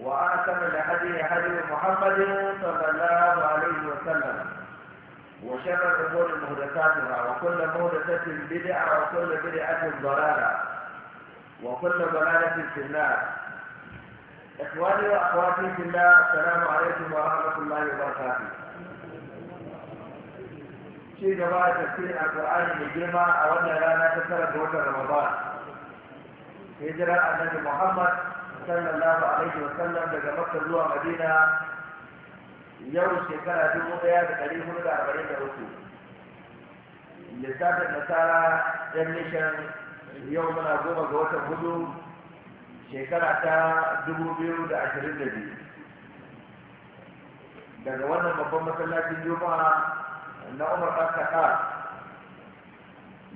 وآتم الهدي هدي محمد صلى الله عليه وسلم وشر الأمور مهدساتها وكل مهدسة بدعة وكل بدعة ضلالة وكل ضلالة في النار إخواني وأخواتي في الله السلام عليكم ورحمة الله وبركاته شيء جماعة تفسير القرآن الجمع أولا لا نتسرد وقت رمضان هجرة النبي محمد sallallahu alaihi wa sallam daga makka zuwa madina yau shekara dubu daya da ɗari hudu da arba'in da uku lissafin nasara yan nishan yau muna goma ga watan hudu shekara ta dubu biyu da ashirin da biyu daga wannan babban masallacin juma'a na umar ɗan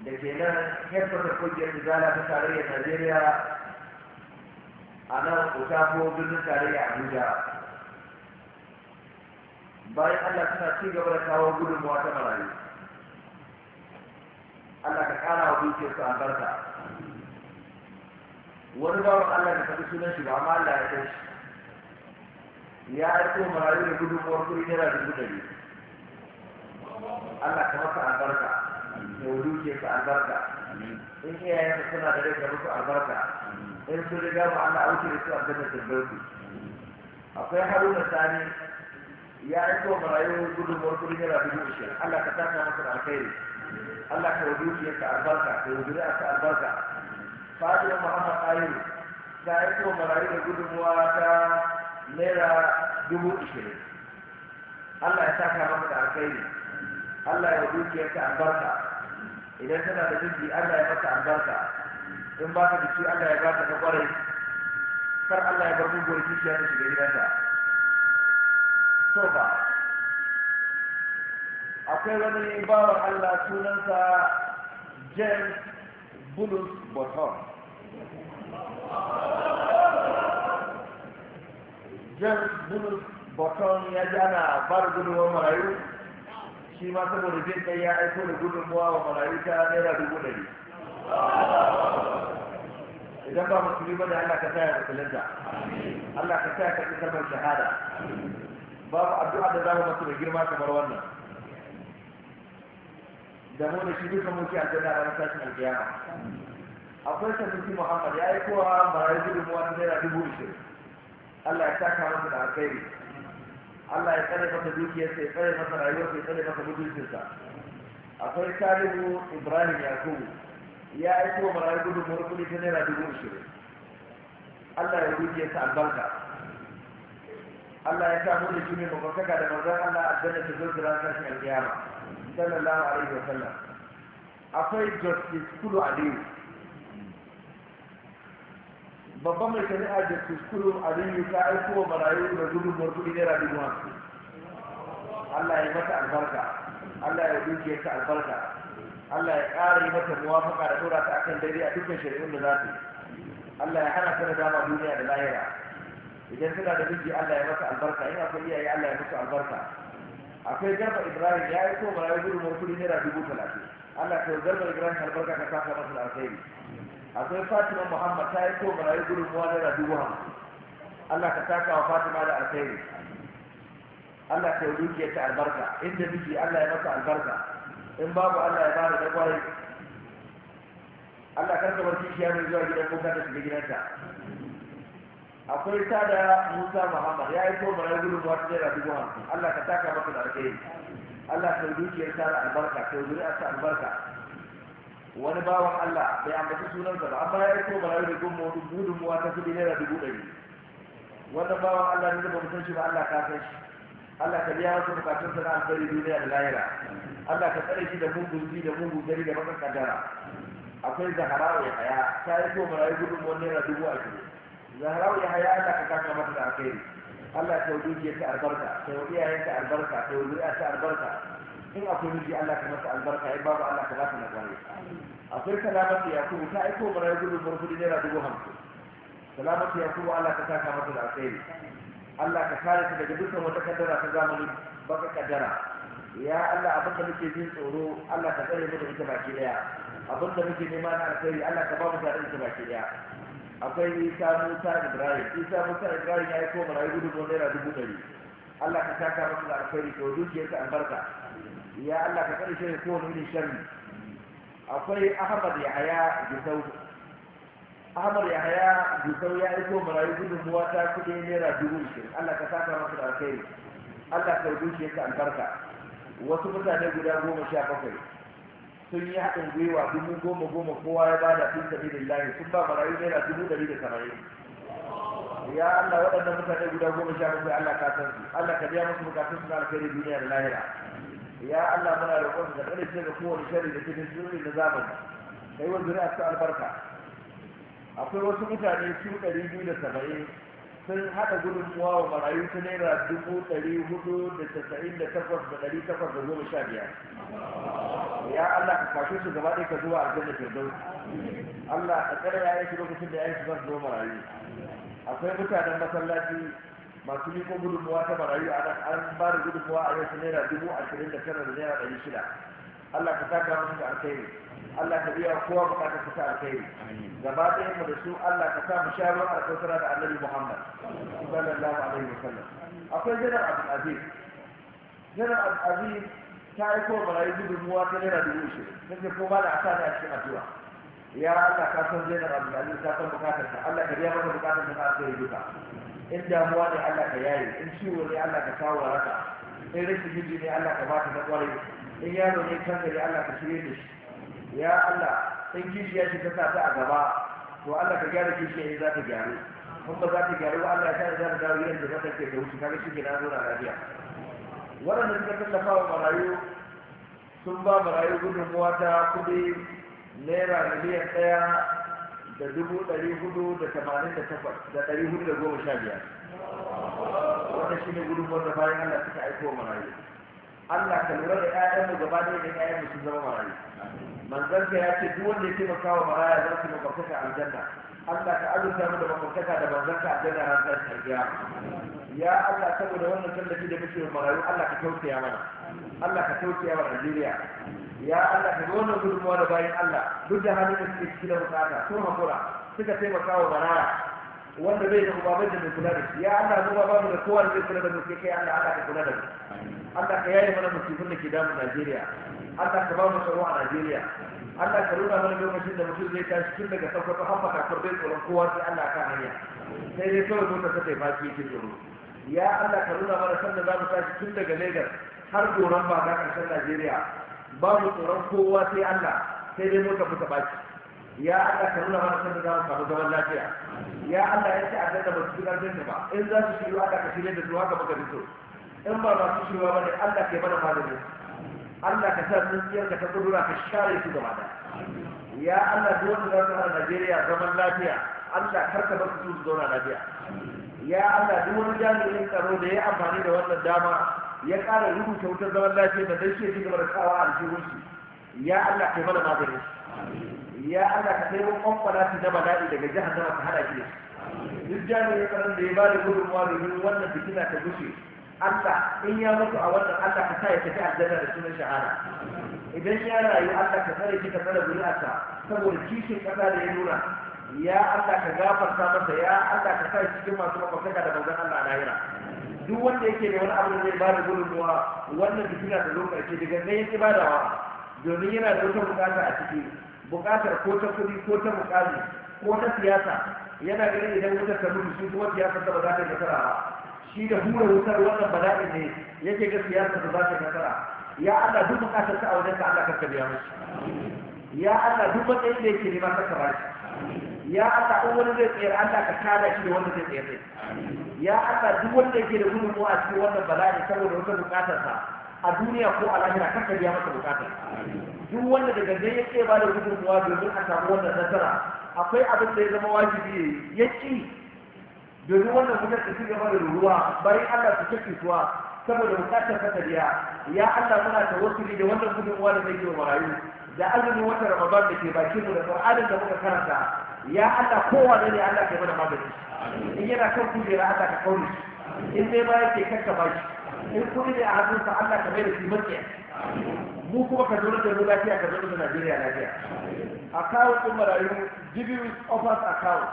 da ke nan headquarter kogiyar zala ta tarayyar najeriya a nan ko birnin tarayya abuja bayan allah suna ci gaba da kawo gudunmawa ta marayu allah ka kara wa su albarka wani bawan allah da tafi sunan shi ba amma allah ya kai shi ya aiko marayu da gudunmawar kuri naira dubu ɗari allah ka masa albarka ya su albarka in iyayensa suna da rai ka musu albarka in sun riga ba ana auki da su a gaba firdausi akwai haruna sani ya aiko marayu gudunmuwar kudin naira dubu ishirin allah ka taka masa da alkhairi allah ka wajen ka albarka ka wajen ka albarka fatima muhammad ayyub ta aiko marayu da gudunmuwa ta naira dubu ishirin allah ya taka masa da alkhairi allah ya wajen ka albarka idan tana da jirgi allah ya masa albarka in ba ka da shi Allah ya ba ka kwarai kar Allah ya bar muguwar shi ya shiga gidanka so ba akwai wani bawan Allah sunansa James Bulus Botton James Bulus Botton ya jana bar ba marayu shi ma saboda jin kai ya aiko da gudunwa wa marayu ta naira dubu ɗari idan ba musulmi ba da Allah ka sa ya musulunta Allah ka sa ya karɓi kalmar shahada babu addu'a da za mu masu da girma kamar wannan da mu da shi duka muke aljanna ranar tashin alkiyama akwai sanusi muhammad ya yi kowa marayu gudunmuwa na naira dubu ishirin Allah ya saka masa da alkhairi Allah ya tsare masa dukiyarsa ya tsare masa rayuwarsa ya tsare masa mutuncinsa akwai talibu ibrahim yakubu ya aiko wa marayu gudun murkuli ta naira dubu ashirin allah ya rubuce ta albarka allah ya samu da shi mai mafakaka da manzon allah aljanna ta zurzura kashin alkiyama sallallahu alaihi wa sallam akwai justice kulu aliyu babban mai shari'a justice kuskuru a rinyu ta aiko kuma marayu da gudun murkuli naira dubu hamsin Allah ya mata albarka Allah ya dukiyar ta albarka Allah ya ƙara yi mata muwafaka da tura ta akan daidai a dukkan shari'un da za su Allah ya hana ta da dama duniya da lahira idan suna da miji Allah ya masa albarka in akwai iyaye Allah ya masa albarka akwai garba Ibrahim ya yi koma ya gudu mai kudi naira dubu talatin Allah ya garba Ibrahim albarka ka kasa masa da alkhairi akwai Fatima Muhammad ta yi koma ya gudu muwa naira dubu hamsin Allah ka taka wa Fatima da alkhairi Allah ka yi dukiyar ta albarka inda miji Allah ya masa albarka in babu Allah ya bada dagwaye Allah kar ka bar kishiya mai zuwa gidan kuka da shiga gidanta akwai ta Musa Muhammad ya yi koma na gudun wata naira dubu hamsin Allah ka taka maka da alkhairi Allah ka dukiyar ta albarka ka yi ta albarka wani bawan Allah bai ambaci sunansa ba amma ya yi koma na ta su kudi naira dubu ɗari wannan bawan Allah ne da ba mu ba Allah ka san shi Allah ka biya wasu bukatun sana na alkhairi duniya da lahira Allah ka tsare shi da mugun ji da mugun gari da bakan kaddara akwai zaharawa ya haya ta yi so marayu gudun wani naira dubu ashirin zaharawa ya haya Allah ka kaka mata da alkhairi Allah ka yi ya ta albarka Ta yi wa ta albarka Ta yi zuri'a ta albarka in akwai miji Allah ka masa albarka in babu Allah ka zafi na nazari akwai salamatu kuma ta aiko marayu gudun wani naira dubu hamsin salamatu ya kuma Allah ka kaka mata da alkhairi Allah ka kare ta daga dukkan wata kaddara ta zamani baka kaddara ya Allah abin da muke jin tsoro Allah ka tsare mu da ita baki daya abin da muke nema na alkhairi Allah ka ba mu tare da ita baki daya akwai Isa Musa Ibrahim Isa Musa Ibrahim ya yi ko marayi gudu don naira dubu ɗari Allah ka taka masa da alkhairi to ka albarka ya Allah ka kare shi ko wani irin sharri akwai Ahmad Yahaya Gisau ahmad yahaya gusau ya aiko marayu muwa ta kudi naira dubu ishirin allah ka saka masa da alkhairi allah ka shi yasa albarka wasu mutane guda goma sha bakwai sun yi haɗin gwiwa dubu goma goma kowa ya bada fi sabi da sun ba marayu naira dubu dari da samari ya allah waɗannan mutane guda goma sha bakwai allah ka san su allah ka biya musu bukatun su na alkhairi duniya da lahira ya allah muna roƙon ka tsare ce ga kowane shari da cikin sirri da zamani kai wa a su albarka akwai wasu mutane su ɗari biyu da saba'in sun haɗa gudunmuwa wa marayu ta naira dubu ɗari hudu da tasa'in da takwas da ɗari takwas da goma sha biyar ya Allah ka kwashe su gaba ɗaya ka zuwa a da Allah a ƙara ya yi lokacin da ya yi su zan zo marayu akwai mutanen masallaci masu miko gudunmuwa ta marayu a nan an ba da gudunmuwa a yau naira dubu ashirin da tara da naira ɗari shida Allah ka saka musu da alkhairi Allah ta biya kowa bukata ta sa alkhairi gaba ɗaya mu da su Allah ka sa mu sha ruwa da annabi Muhammad sallallahu alaihi wa sallam akwai jiran Abdul Aziz jiran Abdul Aziz ta yi kowa barayi gudunmuwa ta naira dubu shi nake ko ba da asa ne a cikin addu'a ya Allah ka san jiran Abdul Aziz ka san bukatar ka Allah ka biya maka bukatar ka sa alkhairi duka in damuwa ne Allah ka yaye in ciwo ne Allah ka kawo waraka in rashin jiji ne Allah ka ba ta na kwarai in yaro ne kan gari Allah ka shirye da shi ya Allah sai kishiya ce ta sa ta a gaba to Allah ka gyara kishiya ne za ta gyaru kun ba za ta gyaru ba Allah ya sa za ta gyaru yadda da zata ke da wuce kaga shi ke na zo na lafiya waɗanda suka tallafa wa marayu sun ba marayu gudunmuwa ta kuɗi naira miliyan ɗaya da dubu ɗari hudu da tamanin da takwas da ɗari hudu da goma sha biyar wannan shi ne gudunmuwar da bayan Allah suka aiko wa marayu Allah ka lura da mu gaba ɗaya da 'ya'yanmu sun zama marayu manzon ya ce duk wanda ya taimaka wa maraya za su makwabtaka aljanna Allah ka azurta mu da makwabtaka da manzon a aljanna ran ta tarbiya ya Allah saboda wannan tallafi da muke marayu Allah ka tausaya mana Allah ka tausaya wa Najeriya ya Allah ka wannan gudunmawa da bayan Allah duk da halin da suke cikin bukata sun hakura suka taimaka wa maraya wanda bai da uba da mai kula da shi ya Allah zuwa ba mu da kowa da zai kula da mu sai kai Allah Allah ka kula da mu Allah ka yaye mana musibin da ke damu Najeriya Allah ka ba mu tsaro a Najeriya Allah ka nuna mana lokacin da mutum zai tashi tun daga Sokoto har Fatakur bai tsoron kowa sai Allah ka hanya sai dai kawai zo ta sake baki yake tsoro ya Allah ka nuna mana sanda za mu tashi tun daga Lagos har goron ba ga ƙarshen Najeriya ba mu tsoron kowa sai Allah sai dai muka fita baki ya Allah ka nuna mana sanda za mu samu zaman lafiya ya Allah ya ce a da ba su fi ƙarfin ba in za su shiru da ka shirya da su haka baka fito in ba masu shirwa ba ne Allah ke mana maganin Allah ka sa tsintsiyar ka ta kudura ka share su gaba da ya Allah duk wanda za su Najeriya zaman lafiya Allah kar ka bar su su zauna lafiya ya Allah duk wani jami'in tsaro da ya amfani da wannan dama ya ƙara rubuta wutar zaman lafiya da dai shi ya ci gaba da a ya Allah ke mana maganin ya Allah ka sai mun kwamfana na bala'i daga jihar ka hada shi duk jami'in karan da ya ba da gudunmuwa domin wannan fitina ta gushe Allah in ya mutu a wannan Allah ka sa ya tafi aljanna da sunan shahara idan ya rayu Allah ka tsare shi ka tsare zuri'arsa saboda kishin kasa da ya nuna ya Allah ka gafarta masa ya Allah ka sa cikin masu mafaka da manzon Allah lahira duk wanda yake da wani abu zai bada gudunmuwa wannan fitina ta zo daga nan yake badawa domin yana da wata bukata a ciki buƙatar ko ta kudi ko ta mukami ko ta siyasa yana ganin idan wutar ta mutu shi kuma siyasa ta ba za ta nasara ba shi da hura wutar wannan bala'i ne yake ga siyasa ta za ta nasara ya Allah duk buƙatar ta a wajen ka Allah ka biya mashi ya Allah duk matsayin da yake neman ka ba shi ya Allah in wani zai tsayar Allah ka kada shi da wanda zai tsayar ya Allah duk wanda yake da gudunmuwa a cikin wannan bala'i saboda wutar buƙatar sa a duniya ko a lahira kan ka biya masa bukata duk wanda daga gangan ya ke ba da gudunmuwa domin a samu wannan nasara akwai abin da ya zama wajibi ya ci domin wannan mutum ta ci gaba da ruruwa bari Allah su kake suwa saboda bukatar biya, ya Allah muna ta tawassuli da wannan gudunmuwa da zai yi wa marayu da azumin wata ramadan da ke bakin mu da qur'anin da muka karanta ya Allah kowa ne Allah ke mana magani in yana kan kujera Allah ka kauri in dai ba yake kakka baki in kuɗi ne a hannunsa Allah ka mai da shi makiya mu kuma ka zaune da mu lafiya ka zaune da Najeriya lafiya account ɗin marayu dubious offers account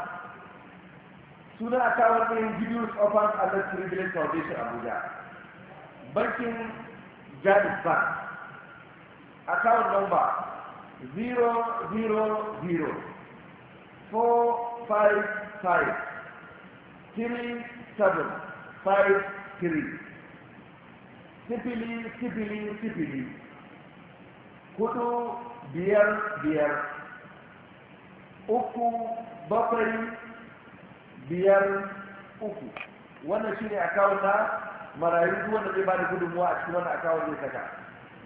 sunan account ɗin dubious offers and the privilege foundation Abuja bankin Jadis Bank account number 000 455 3753 sifili sifili sifili kuɗu biyar biyar uku bakwai biyar uku wannan shi ne a na marayu duk wanda zai ba da gudunmuwa a cikin wannan akawun zai saka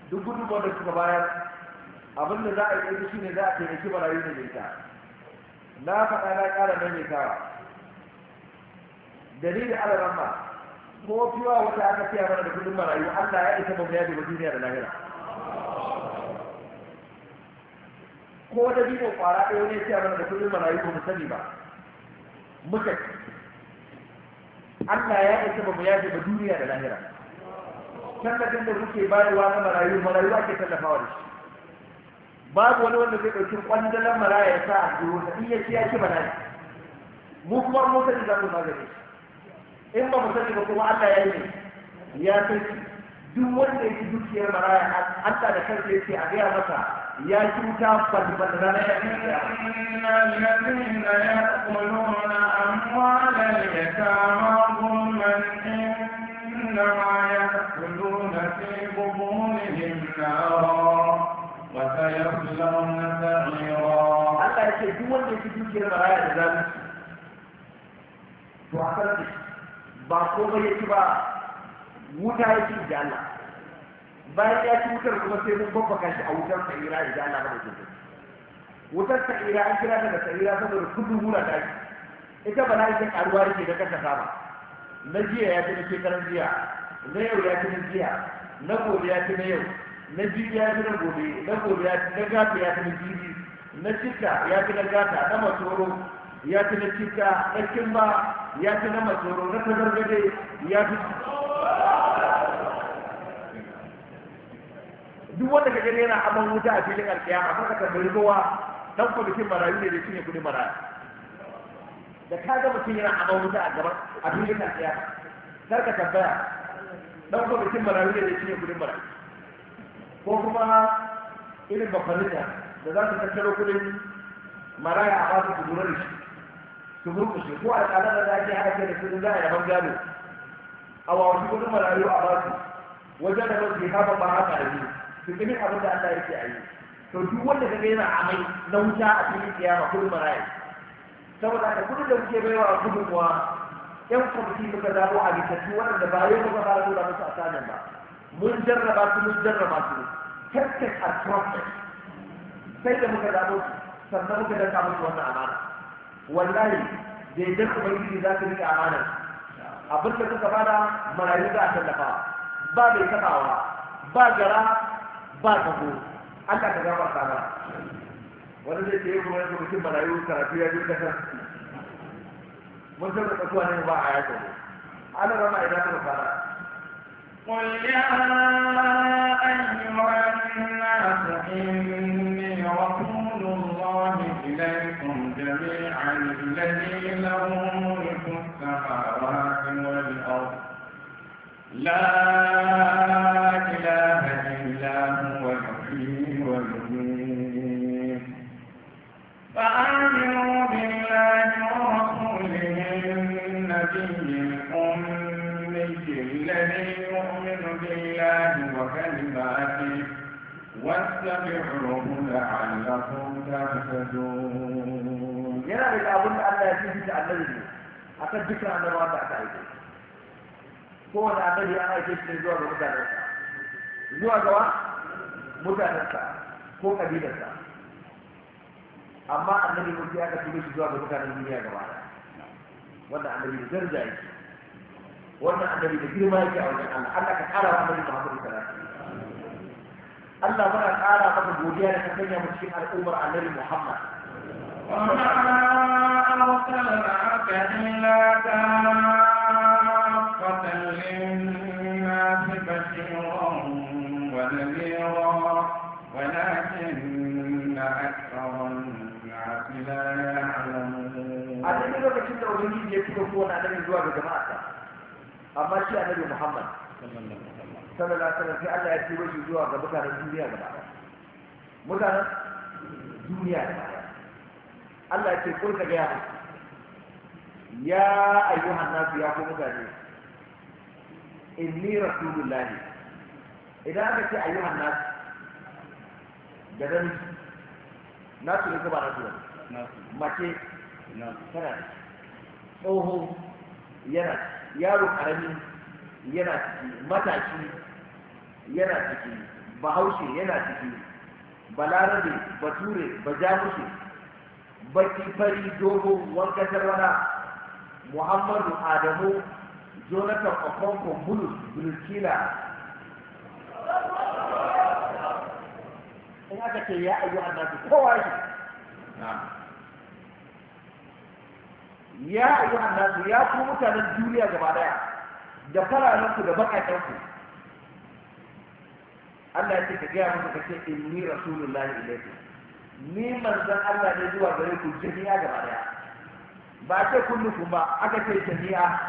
duk gudunmuwa da suka bayar abinda za a yi shi ne za a taimaki marayu da mai na faɗa na ƙara maimaitawa dalilin alaramma ko fiwa wata aka fiya mana da kudin marayu Allah ya isa bamu ba duniya da lahira ko da ko kwara ɗaya ne fiya mana da kudin marayu ko mu sani ba muka Allah ya isa bamu ba duniya da lahira tallafin da kuke bayarwa na marayu marayu ake tallafawa da shi babu wani wanda zai ɗauki kwandalan maraya ya sa a duniya in ya ci bana ci bala'i mu kuma mun sani za mu magani in ba mu sani ba kuma Allah ya yi ya san duk wanda ya ci dukiyar maraya Allah da kansa yake a gaya masa ya cuta balbal ranar ya cuta الذين يأكلون أموال اليتامى ظلما إنما يأكلون في بطونهم نارا وسيصلون سعيرا Allah ya ce duk wanda ya ci dukiyar maraya da zalunci to a kan ba komai ya ci ba wuta ya ci da bayan ya ci wutar kuma sai mun babbaka shi a wutar sa'ira da jalla ba da ke wutar sa'ira an kira daga sa'ira saboda kudu mura ta shi ita ba na ita karuwa yake da kasa ba na jiya ya ci na shekaran jiya na yau ya ci na jiya na gobe ya ci na yau na jiya ya ci na gobe na gobe ya ci na gafe ya ci na jibi na cika ya ci na gata na masoro ya fi na cika ɗakin kimba ya fi na matsoro na tagargade ya fi duk wanda ka gani yana aman wuta a filin alƙiya a kan kaka bari kowa dan kwamitin marayu ne da shi ne kudin marayu da ka ga mutum yana aman wuta a gaban a filin alƙiya, kar ka tambaya dan kwamitin marayu ne da shi ne kudin marayu ko kuma irin bakwanin da za su tattaro kudin maraya a ba su kudurar shi su murkushe ko a tsanar da ake haka da kudin za a yaban gado a wawanci kudin marayu a basu wajen da mafi haɓa ba haka da biyu su gani abin da Allah yake a yi to duk wanda ka gaina a amai na wuta a cikin kiyama kudin marayu saboda haka kudin da muke baiwa a kuwa, yan kwamiti muka zaɓo a bitattu waɗanda ba yau muka fara nuna musu a sanin ba mun jarraba su mun jarraba su tested and trusted sai da muka zaɓo sannan muka danka musu wannan amana wallahi da yadda ubangiji za ka rike a abin da suka bada marayu za a tallafa ba mai tabawa ba gara ba kago Allah ka gama mana wani zai ce kuma yanzu mutum marayu karatu ya duka kan mun san da tsakuwa ne ba a yato ana rama idan ka fara قل يا أيها الناس إني رسول الله إليكم جميعا الذي له ملك السماوات والأرض لا واتبعوه لعلكم تهتدون yana da abin da Allah ya fi da annabi ne a akan dukkan annabawa da aka aike kowane annabi ana aike shi zuwa ga mutanensa zuwa ga mutanensa ko kabilarsa amma annabi mutum ya ka shi zuwa ga mutanen duniya gaba ɗaya wannan annabi da daraja yake wannan annabi da girma yake a wajen Allah Allah ka kara wa annabi Muhammad sallallahu da wasallam Allah muna ƙara maka godiya da ka sanya mu cikin al'ummar Annabi Muhammad a cikin lokacin da ubangiji ya fito kowane annabi zuwa ga jama'a amma shi annabi muhammad sallallahu alaihi wasallam sai Allah ya turo shi zuwa ga mutanen duniya gaba ɗaya mutanen duniya gaba ɗaya Allah ya ce kun ka gaya ya ayyuhan nasu ya ku mutane inni rasulullahi idan aka ce ayyuhan nasu da dan nasu ne ba nasu ne mace tana tsoho yana yaro karami yana ciki matashi yana ciki bahaushe yana ciki balarabe bature bajamushe baki fari dogo wanka tarwada muhammadu adamu jonathan okonkwo bulus bulkila in aka ce ya ayyu annabi kowa shi ya ayyu annabi ya ku mutanen duniya gaba daya da farananku da baƙaƙenku Allah ya ce ka gaya musu kake inni rasulullahi ilaikum ni manzan Allah ne zuwa gare ku jami'a gaba daya ba ce kullukum ba aka ce jami'a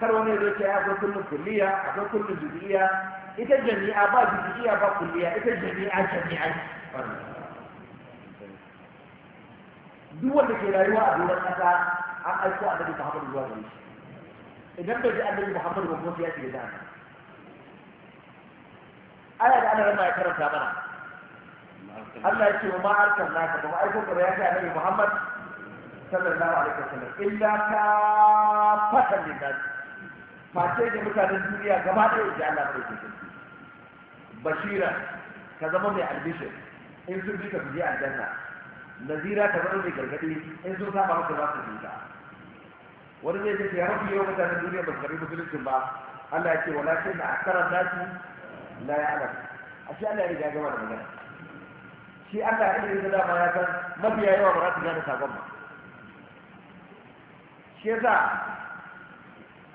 kar wani zai ce akwai kullum kulliya akwai kullum jami'a, ita jami'a ba jami'a ba kulliya ita jami'a jami'a duk wanda ke rayuwa a doron kasa an aiko a daga sahabar zuwa gare shi idan bai ji annabi Muhammadu ba kuma sai ya shiga jahannama aya da Allah ya karanta mana Allah ya ce wa ma arsalnaka ba ai kuka ba ya ga annabi Muhammad sallallahu alaihi wasallam illa ka fatan linnas face da mutanen duniya gaba ɗaya da Allah bai kuka bashira ka zama mai albishir in sun bi ka fi aljanna nazira ka zama mai gargaɗi in sun saba maka za su bi ka wani zai ce ya rabu yawan mutanen duniya ba su karbi musuluncin ba Allah ya ce walakin na akarar nasi la ya alam a shi Allah ya riga gama da magana shi Allah ya riga dama ya san mafiya yawa ba za su gane sakon ba shi ya sa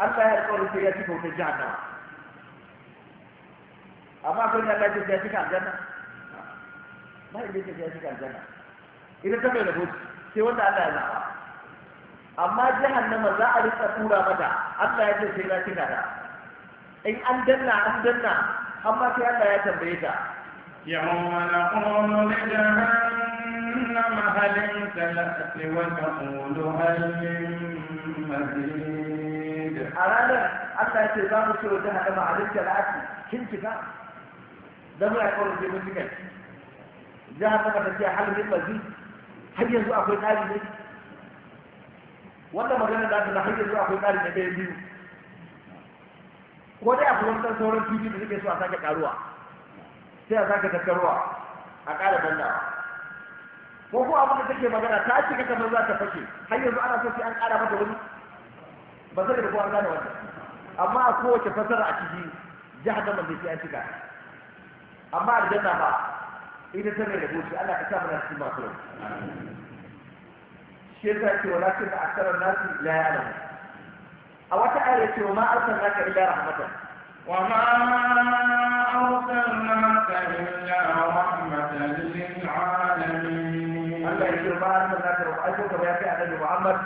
Allah ya alƙawari sai ya cika wutar jahannama amma akwai ne Allah ya ce ya cika aljanna ba ya ce ya cika aljanna idan ta bai da sai wanda Allah ya zaɓa amma jahannama za a rika tura mata Allah ya ce sai na kina da in an danna an danna amma sai Allah ya tambaye ta يوم نقول لجهنم هل امتلأت وتقول هل من مزيد أرانا الله يتزام شو جهنم عليك العكس كنت كان ده ما يقول في مسكت جهنم تتيا هل من مزيد هل يزوء أخوة هذه Wanda magana da aka na hanyar zuwa akwai ƙarin da ɗaya biyu ko dai akwai wata sauran fili da suke so a sake ƙaruwa sai a sake tattaruwa a ƙara bandawa ko ko abin da take magana ta shiga kamar za ta fashe har yanzu ana so sai an ƙara mata wani ba zai da kowa gane wanda. amma a kowace fasara a ciki jihar da mai sai an cika. amma aljanna ba ita ta mai da goshi Allah ka sa mana cikin masu rai شركتي ولكن أكثر الناس لا يعلمون أو تعرف وما أرسلناك إلا رحمة وما أرسلناك إلا رحمة للعالمين الله يشير ما أرسلناك وأجبك ويا فعلي محمد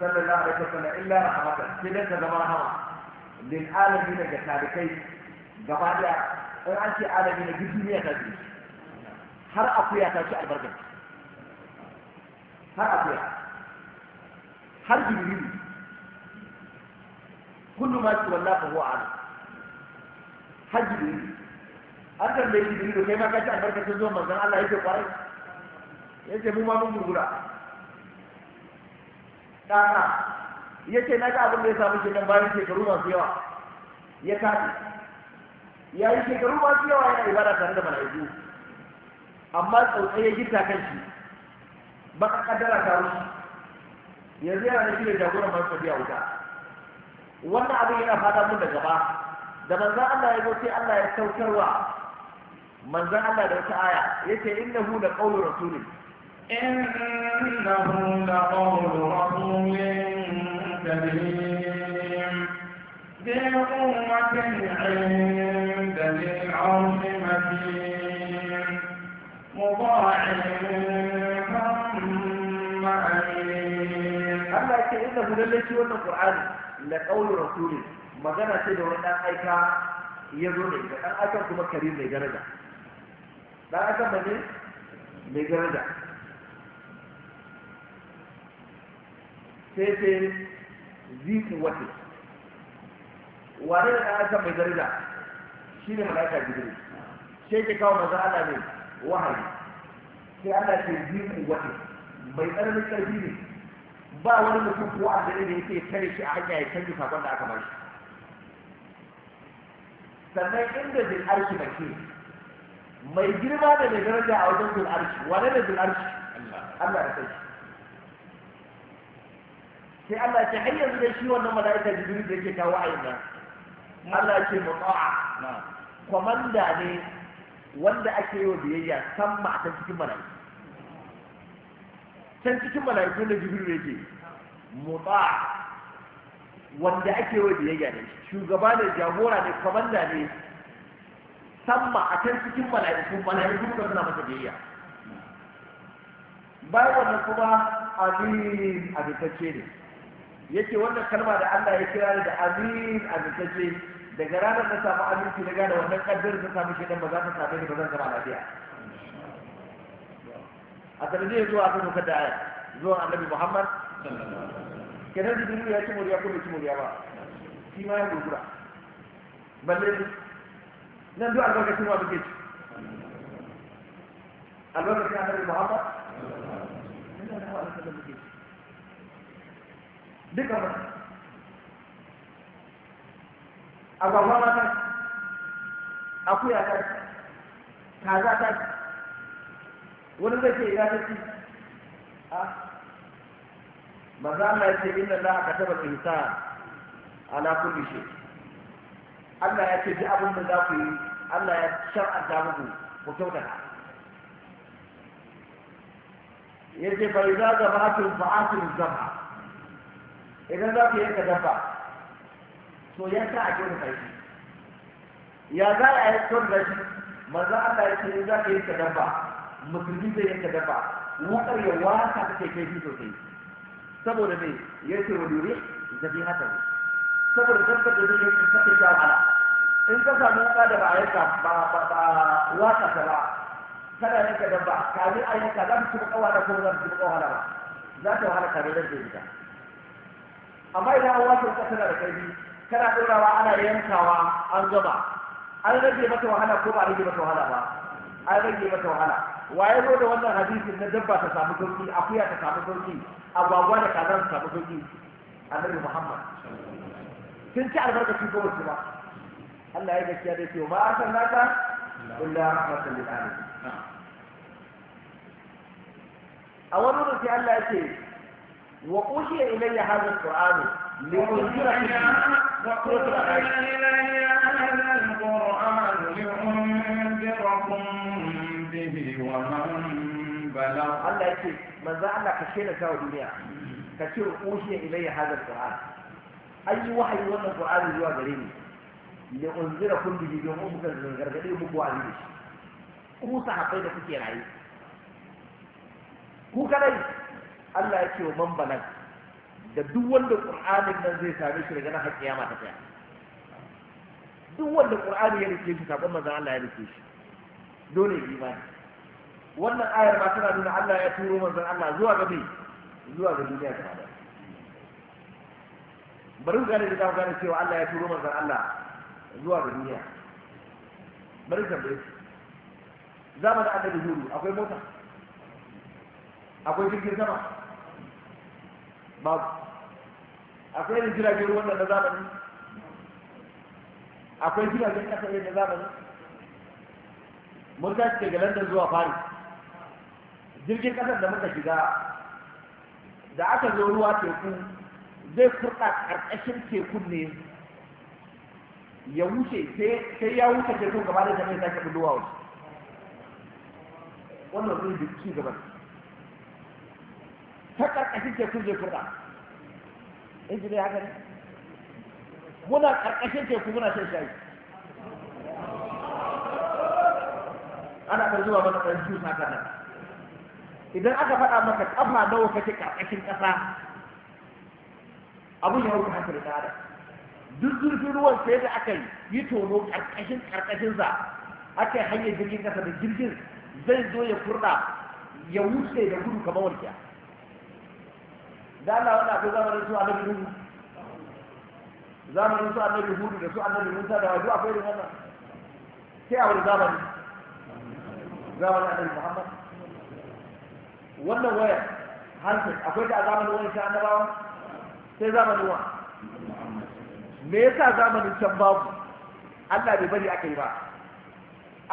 صلى الله عليه وسلم إلا رحمة كذلك زمان هوا للعالمين جسال كيف قبالي أرعنتي عالمين جسمية تدريس هر أقوية تشعر برقم har akuya har jibrilu kullu ma su wallah ka huwa ala har jibrilu an tambaye jibrilu kai ma ka ci albarkacin zuwan manzon Allah yake kwarai yake mu ma mun gurgura Ya yake na ga abin da ya samu kenan bayan shekaru masu yawa ya kafi ya yi shekaru masu yawa yana ibada tare da mala'iku amma tsautsaye gita kan shi baka kaddara ta wuce yanzu yana da shi ne jagoran masu a wuta wannan abin yana fata mun da gaba da manzan Allah ya zo sai Allah ya saukarwa manzan Allah da wata aya yace innahu la qawlu rasulin innahu la qawlu rasulin karim bi ummatin inda lil arshi makin innahu lalle shi wannan qur'ani la qawlu rasuli magana ce da wani aika ya zo da dan aikan kuma karim mai daraja dan aikan ba ne mai daraja sai sai zi wata wane da dan aikan mai daraja shine malaika jibril sai ke kawo maza Allah ne wahayi sai Allah ce zi wata mai tsananin karfi ne ba wani mutum ko a gari da yake tare shi a hanya ya canji sakon da aka bashi sannan inda zai arshi da ke mai girma da mai daraja a wajen zai arshi wane da zai arshi Allah da kai sai Allah ce har yanzu da shi wannan mala'ika jibril da yake kawo ayin nan Allah ce muta'a Kwamanda ne wanda ake yi wa biyayya san ma a cikin mala'ika can cikin mala'iku na jibril yake mutsa wanda ake wa biyayya ne shugaba ne jagora ne kamanda ne samma a can cikin mala'iku mala'iku da suna masa biyayya Bai wannan kuma amin abitacce ne yake wannan kalma da Allah ya kira da amin abitacce daga ranar da samu aminci na gane wannan kaddar ta samu shi dan ba za ta same ni ba zan zama lafiya asali sanadiyar zuwa kan dokar da aya zuwa annabi muhammad kenan da duniya ya ci muriya ko bai ci muriya ba shi ma ya gurgura balle nan duk albarkacin wa ke ci albarkacin annabi muhammad duka ba agwagwa ma ta akuya ta kaza ta wani zai ce ina tafi? a maza Allah ya ce inna Allah ka taba a ala kulli shay Allah ya ce duk abin da za ku yi Allah ya shar'anta muku ku kyautata yace fa idza zabatul fa'atul zabha idan za ku ka dabba to sa a kyautata shi ya za a yi kyauta shi maza Allah ya ce in za ka dafa. musulmi zai yanka dabba wutar ya wasa take kaifi sosai saboda me ya ce wa da zabi haka ne saboda dabbar da zai yanka take sha wahala in ka samu wuka da ba a yanka ba wasa ta ba kada yanka dabba kami a yanka za su ci baka da ko za su ci baka wahala ba za ta wahala kare da zai yanka amma idan an wasa wuka tana da kai kana ɗorawa ana yankawa an gaba an rage mata wahala ko ba a rage mata wahala ba an rage mata wahala waye zo da wannan hadisin na dabba ta samu sauki akuya ta samu sauki agwagwa da kaza ta samu sauki annabi muhammad sun ci albarkacin ko wasu ba Allah ya gaskiya da cewa ba a san naka illa rahmatan lil alamin a wani wurin sai Allah ya ce wa qushiya ilayya hadha alquran li unzira ilayya hadha alquran li unzirakum wa man bala Allah yake manzo Allah ka shela ta duniya ka ce ushi ilayya hadal An yi wahayi wannan qur'ani zuwa gare ni li unzira kun bihi don mu ka gargade muku wa alihi ku sahabbai da kuke rayu ku kadai Allah ya ce wa man bala da duk wanda qur'anin nan zai same shi daga nan har kiyama ta tsaya duk wanda qur'ani ya rike shi sakon manzo Allah ya rike shi dole imani wannan ayar ma tana nuna Allah ya turo manzon Allah zuwa gabi zuwa ga duniya ta da bari ku gane da za gane cewa Allah ya turo manzon Allah zuwa ga duniya bari ka bai da annabi huru akwai mota akwai jirgin sama babu akwai irin jiragen ruwan da na zamani akwai jiragen kasa ne na zamani mun tashi daga London zuwa Paris jirgin kasar da muka shiga da aka zo ruwa teku zai kurɗa ƙarƙashin tekun ne ya wuce sai ya wuce tekun gaba da jami'ai sake bulowa wasu wannan zai bi ci gaban ta ƙarƙashin tekun zai In ji injiniya haka ne muna ƙarƙashin teku muna shan shayi ana ɗan zuwa mana ɗan haka nan. idan aka faɗa maka ƙafa nawa kake ƙarƙashin ƙasa abun ya wuce haka da duk zurfin ruwan sai da aka yi tono ƙarƙashin ƙarƙashin sa aka yi hanyar jirgin ƙasa da jirgin zai zo ya kurɗa ya wuce da gudu kamar walƙiya da Allah wanda akwai zamanin su annabi Nuhu zamanin su annabi Hudu da su annabi Musa da wajen akwai irin wannan sai a wani zamani zamanin annabi Muhammad wannan waya hansin akwai ta a zamanin wani ta annabawa sai zamanin wa me yasa zamanin can babu Allah bai bari aka yi ba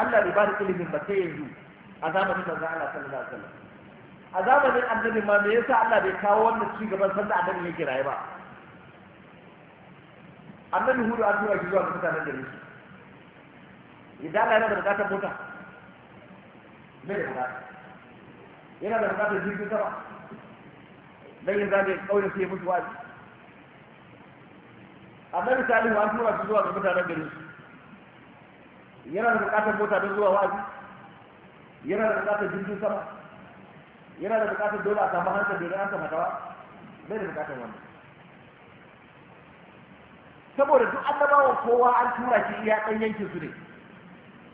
Allah bai bari ilimin ba sai yanzu a zamanin manzo Allah sallallahu alaihi wasallam a zamanin annabi ma me yasa Allah bai kawo wannan ci gaban sanda annabi yake kiraye ba annabi hudu an tura shi zuwa ga mutanen da shi idan Allah yana da bukatar mota me da bukatar yana da bukatar jirgin sama dan yin zaɓe ƙauye su yi mutu wani annabi salihu an tura su zuwa ga mutanen garin su yana da bukatar mota don zuwa wani yana da bukatar jirgin sama yana da bukatar dole a samu hankali da an sama dawa bai da bukatar wannan saboda duk annabawan kowa an tura shi iya ɗan yankin su ne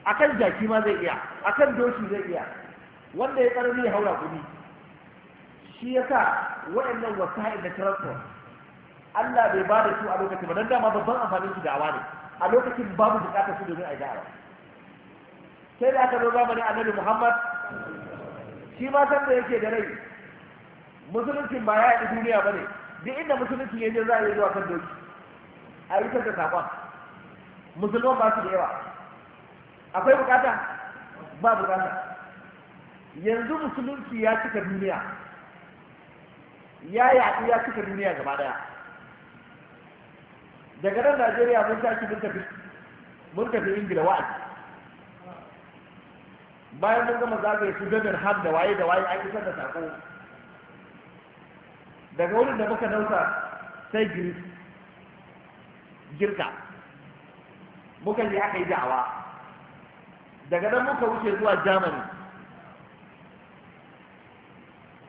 akan jaki ma zai iya akan doshi zai iya wanda ya karni ya haura kudi shi ya sa waɗannan wasa'in da transport Allah bai ba da su a lokacin ba don dama babban amfanin su da'awa ne a lokacin babu bukatar su domin a yi da'awa sai da aka zo zamani annabi Muhammad shi ma san da yake da rai musuluncin ba ya yi duniya ba ne duk inda musulunci ya je za a yi zuwa kan doki a yi da saƙon musulman ba su da yawa akwai bukata ba bukata yanzu musulunci ya cika duniya ya yaɗu ya cika duniya gaba daya daga nan najeriya mun tashi mun tafi ingila wa'azi bayan mun gama zagaye su gabin ham da waye da waye an isar da sako daga wurin da muka nauta sai girka muka yi haka yi da'awa daga nan muka wuce zuwa germany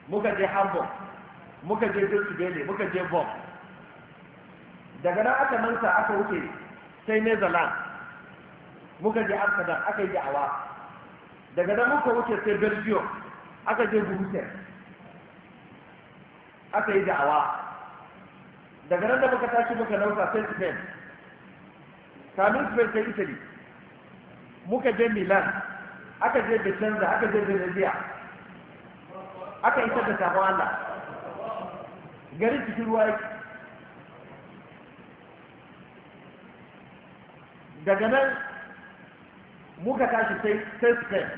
muka je hamburg muka je birkibele muka je bon daga nan aka manta aka wuce sai netherland muka je amsterdam aka yi awa daga nan muka wuce sai belgium aka je brussels aka yi da'awa daga nan da muka tashi muka nauta sai spain kamin spain sai italy muka je milan aka je vicenza aka je venezuela aka isar da tafi Allah gari cikin ruwa yake daga nan muka tashi sai sai spain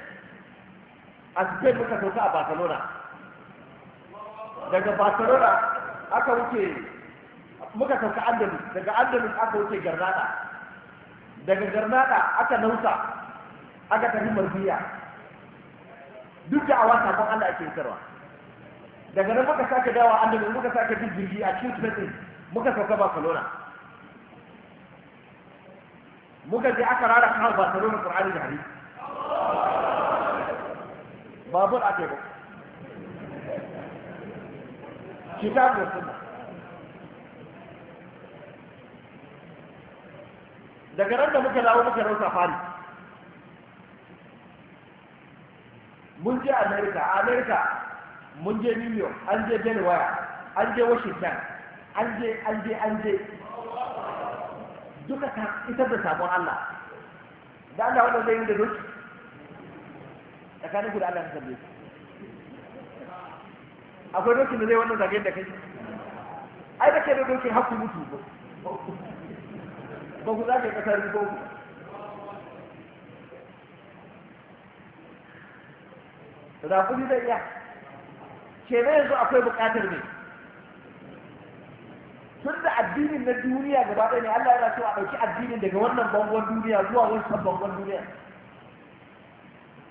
a spain muka sauka a barcelona daga barcelona aka wuce muka sauka andalus daga andalus aka wuce garnada daga garnada aka nausa aka tafi marbiya duk da awa sabon Allah ake sarwa daga nan muka sake dawa da muka sake bin jirgi a cikin spain muka sauka barcelona muka je aka rara kawo barcelona qur'ani da hadisi babur a teku ba kitabu sunna daga nan da muka dawo muka rauta fari mun je america Amerika. america mun je new york an je delaware an je washington an je an je an je duka ta isar da sabon allah da allah wanda zai yi da doki tsakanin ku da allah ka sabbe akwai dokin da zai wannan zagayen da kai ai da ke da dokin hakku mutu ba ku za ka kasar ko ku raƙumi zai iya kenan yanzu akwai buƙatar ne tun da addinin na duniya gaba ɗaya ne Allah yana so a ɗauki addinin daga wannan bangon duniya zuwa wannan bangon duniya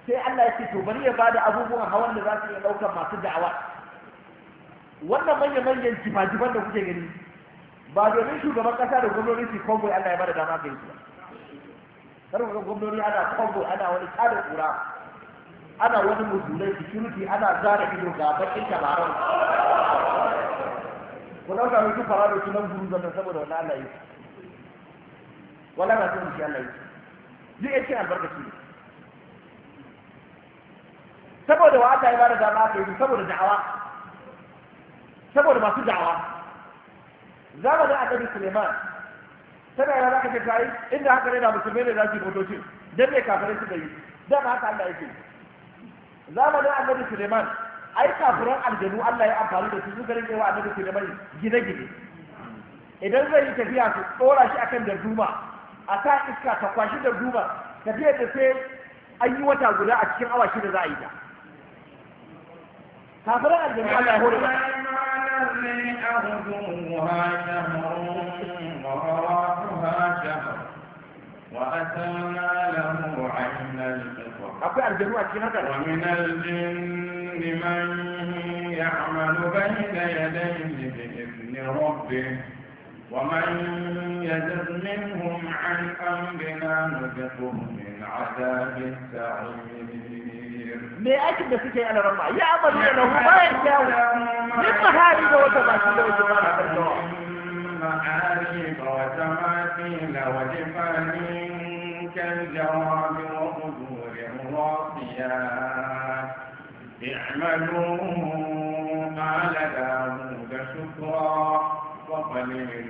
sai Allah ya ce to bari ya bada abubuwan hawan da za su iya ɗaukar masu da'awa wannan manyan manyan jifa-jifan da kuke gani ba domin shugaban kasa da gwamnoni su kongo Allah ya bada dama ga yi ba kar ku ga gwamnoni ana kongo ana wani tsarin kura ana wani muzulai security ana zara ido ga bakin tabaran ku dauka mutu fara da sunan guru zannan saboda wani Allah yake wala na sun shi Allah Yi duk yake albarkaci ne saboda wa aka yi bada dama aka yi saboda da'awa saboda masu da'awa zamanin annabi Suleiman tana yana zaka ce kai inda haka ne da musulmai ne za su yi fotocin don me kafirai suka yi don haka Allah yake zamanin annabi suleiman ai kafiran aljanu Allah ya amfani da su su garin yawa annabi suleiman gine-gine idan zai yi tafiya su tsora shi akan darduma a sa iska ta kwashi darduma tafiya da sai an yi wata guda a cikin awa da za a yi ta kafiran aljanu Allah ya ba وأتانا له عين الفطر ومن الجن من يعمل بين يديه بإذن ربه ومن يزغ منهم عن أمرنا نذقه من عذاب السعير me aikin da suke ana ramma ya amalu da lahu bayan kyawu min mahari da wata ba shi da wata ba na karkawa mahari ba wata mafi na wajen fani الجواب وحضور الواقيات اعملوا آل داود شكرا وقليل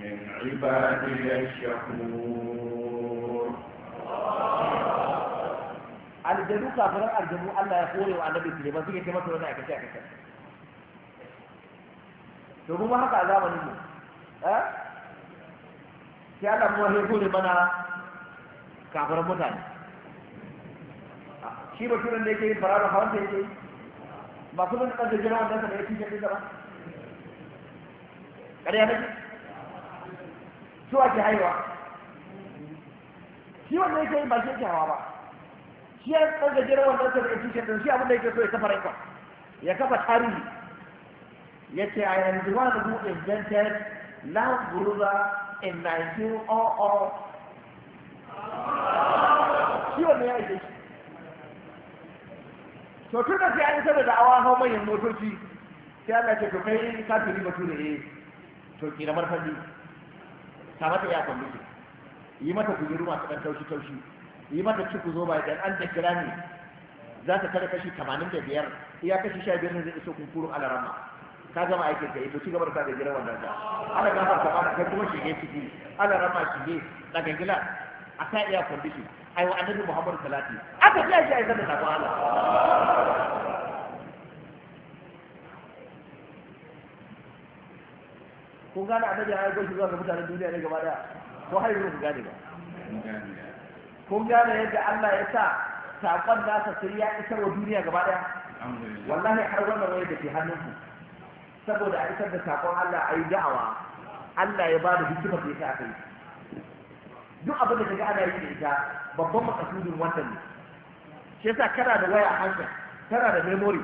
من عبادي الشكور الجنة على الجنة ألا يقول وأنا بسلم بس ما ترون أكيد أكيد أكيد تقول ما هذا ها؟ النبي ها؟ كي أنا مهيبون بنا kafiran mutane shi ba turan da yake yin fara da hawan da yake yi ba su bin ɗan jirgin wanda sa da ya fi ba ƙarya ne su ake haihuwa shi wanda yake yi ba shi yake hawa ba shi ya ɗan jirgin wanda sa da ya fi shi abin da yake so ya kafa raikon ya kafa tarihi ya ce a yanzu wani da mu invented land guruba in 1900 Ciwon wanne ya ake shi to tun da sai an isar da awa hau manyan motoci sai Allah ce to kai kafiri bature eh to kira marfandi ta mata ya kwallo yi mata kujeru masu ɗan taushi taushi yi mata ciku zo ba idan an da kira ne za ta kada kashi tamanin da biyar iya kashi sha biyar ne zai iso kunkurun alarama ka gama aikin ka ito eh, ci gaba da sa da jiran wannan ta ana gafar ta bana kai kuma shige ciki alarama shige daga gila a kan iya condition ai wa annabi Muhammad salati aka ji shi a aikata da Allah kun gane annabi ya aiko shi zuwa ga mutanen duniya ne gaba daya ko har yanzu ku gane ba kun gane yadda Allah ya sa saƙon nasa sai ya isar wa duniya gaba daya wallahi har wannan wani da ke hannunku saboda a isar da saƙon Allah a yi da'awa Allah ya ba da hikimar da ya sa aka yi duk abin da kaga ana yi da ita babban makasudin wannan ne shi yasa kana da waya hanka kana da memory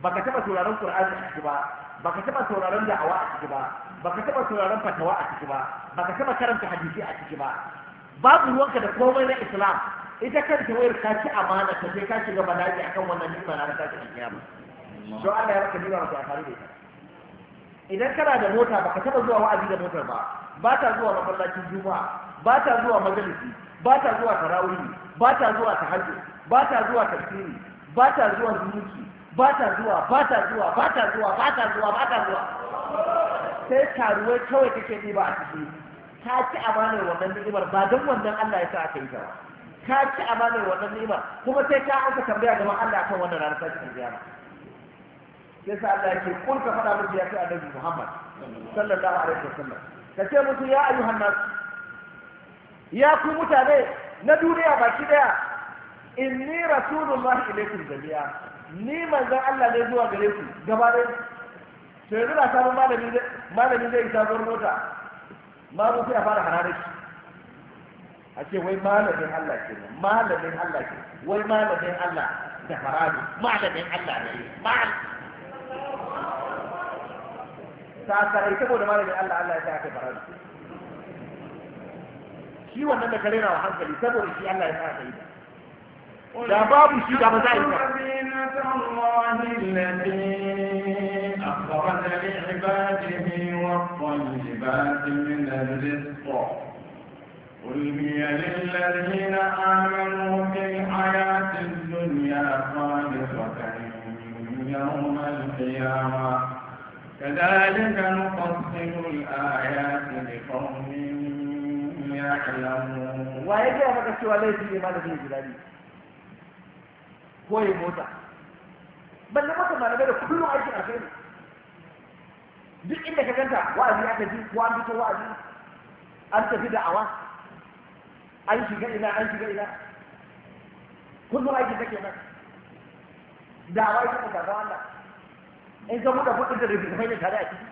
baka taba sauraron qur'ani a ciki ba baka taba sauraron da'awa a ciki ba baka taba sauraron fatawa a ciki ba baka taba karanta hadisi a ciki ba babu ruwanka da komai na islam ita kanta wayar ka ci amana ta je ka da yi akan wannan nima na ta ci kiyama to Allah ya raka ni'ima ta fara da ita idan kana da mota baka taba zuwa wa'azi da motar ba ba ta zuwa masallacin juma'a ba ta zuwa majalisi ba ta zuwa tarawihi ba ta zuwa tahajjud ba ta zuwa tafsiri ba ta zuwa zumunci ba ta zuwa ba ta zuwa ba ta zuwa ba ta zuwa ba ta zuwa sai taruwai kawai kake ɗiba a ciki ka ci amanar wannan ni'imar ba don wannan Allah ya sa aka yi ta ba ka ci amanar wannan ni'imar kuma sai ka aka tambaya gaban Allah kan wannan ranar sashi ta ziyara sai sa Allah yake kun ka faɗa mu ya ce annabi Muhammad sallallahu alaihi wasallam ka ce musu ya ayyuhan nas ya ku mutane na duniya baki daya inni rasulullahi ilaikum jami'a ni manzon Allah ne zuwa gare ku gaba da Sai yanzu na sabon malami zai malami zai sabon mota ma mu sai a fara harare shi a ce wai malamin Allah ke malamin Allah ke wai malamin Allah da harabi malamin Allah ne mal ta sarai saboda malamin Allah Allah ya sa aka farabi shi wannan da kare na wa hankali saboda shi Allah ya sa ka yi da babu shi da ba za a yi ba قل هي للذين آمنوا في الحياة الدنيا خالصة يوم القيامة كذلك نفصل الآيات لقوم يعلمون وهي جاء مكة سوى ليس لما لديه جلالي ko ya mota balle maka malamai da kullum aikin alheri duk inda ka ganta wa'azi aka ji ko an fito wa'azi an tafi da awa an shiga ina an shiga ina kullum aiki take nan da awa ita ta ga wannan in ka buɗe kuɗin da rubutu ne tare a ciki